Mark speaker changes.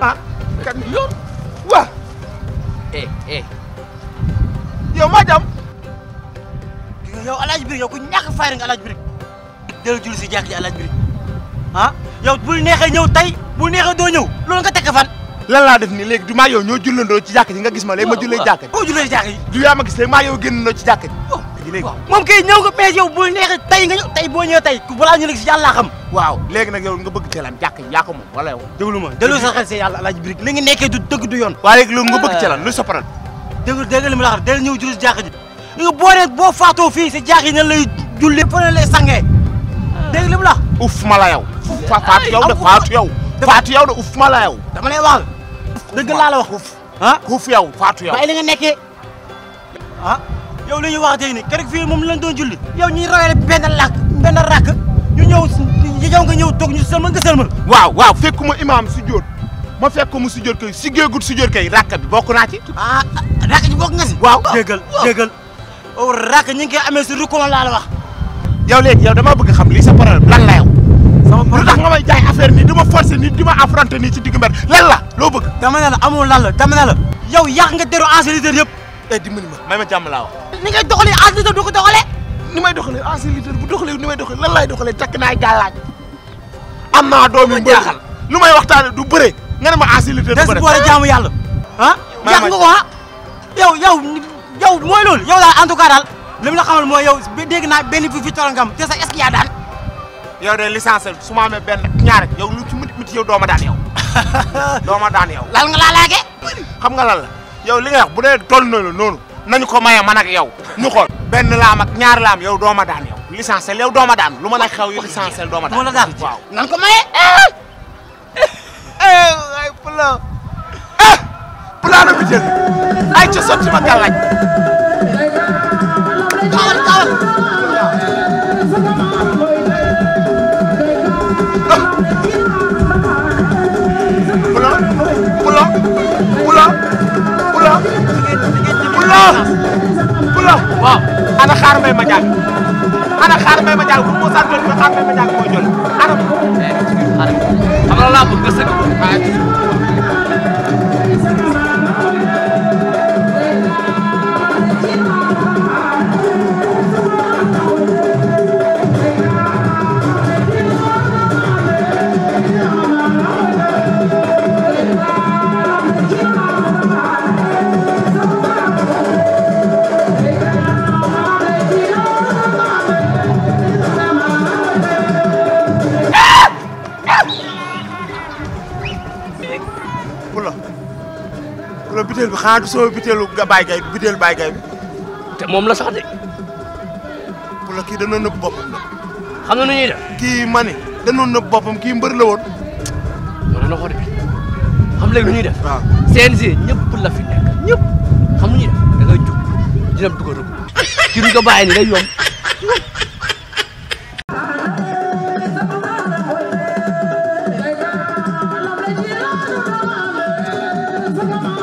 Speaker 1: ah kan bi yoon waa eh eh yow maa jam yow alaaj yow ku ñàkk fayri nga alaaj jul si jàkk ji alaaj birig ah yow bul neexee ñëw tey bul neexee doo ñëw loolu nga tekk fan lan laa def nii léegi du maa yow ñoo jullandoo ci jàkk ji nga gis ma léegi ma jullee jàkk ji boo jullee jàkk ji du yaa ma gis léegi maa yow génnandoo ci jàkk léegi léegi moom kay ñëw nga pees yow bu neexee tey nga ñëw tey boo ñëwee tey balaa ñu nekk si yàlla xam waaw léegi nag yow nga bëgg ci lan jàkk yaa ko moom wala yow déglu ma delloo sa xel si yàlla alaaji dëgg du yoon waaye lu ah. ma la wax del ñëw jurus jàkk ji nga boo nee boo faatoo fii si jàkk yi nan lay julli fa ne lay sangee ah. ma la uf ma la yow faatu yow de faatu yow faatu yow de uf ma la yow dama lay dëgg laa la uf uf ah. yow faatu yow yow li ñu wax tey nii keroog fii moom lañ doon julli. yow ñuy rawale benn làkk benn ràkk ñu ñëw yow nga ñëw toog ñu sëlmal nga sëlmal. waaw waaw fekkuma imaam su jóot ma fekk mu su jóot kay si géegul su jóot kay ràkk bi bokk naa ci. ah ràkk bi bokk nga si. waaw déggal déggal. oh, oh ràkk ñi ngi koy amee si rukkoon laa la wax. yow léegi yow damaa bëgg xam lii sa problème lan la yow. sama problème lu tax nga may di ma forcer nii di ma affronter nii ci digg mbir lan la loo bëgg. dama ne la amul lan la dama ne la. yow yàq nga deru ancien leader yëpp eh dimbali ma may ma jàmm laa wax. ni ngay doxalee as litre du may doxalee as litre bu doxalee ni may doxalee lan laay doxalee takk naay gàllaaj. am naa doom yu lu may waxtaane du bëre nga ne ma as litre du bëre des boole jaamu yàlla. ah jaax nga ko ah. yow yow yow mooy loolu yow daal en tout cas mu la xamal mooy yow dégg naa benn fi fi toll nga am te sa est-ce que yaa daan. yow de licence su ma amee benn ñaar yow lu ci miti miti yow doo ma daan yow. doo ma daan yow. lan la. yow li nga wax bu dee toll na la noonu nañu ko maye man ak yow ñu xool benn laam ak ñaar laam yow dooma daan yow licenciel yow dooma daan lu mën a xew yow licenciel dooma daan la daan waaw nan ko maye ay eh, eh, eh, plan plan bi jël ay ca sotti ma gàllaaj xaar may ma jàng ana xaar may ma jàng bu ma santoon ko xaar may ma jàng mooy jël ana. Eh, xaaral ma xaaral ma laa bëgg nga sëgg ko. butéel bi xanaa du sooy butéelu nga bàyyi gay butéelu bàyyi gay bi. te moom la sax de. pour la kii dana nëbb boppam nag. xam na nu ñuy def. kii mani dana nëbb boppam kii mbër la woon. noonu la ko de xam léegi lu ñuy def. waaw CNG ñëpp la fi nekk ñëpp xam lu ñuy def da ngay jug di dem dugg a dugg kii duñ ko bàyyi ni day yomb. Come on.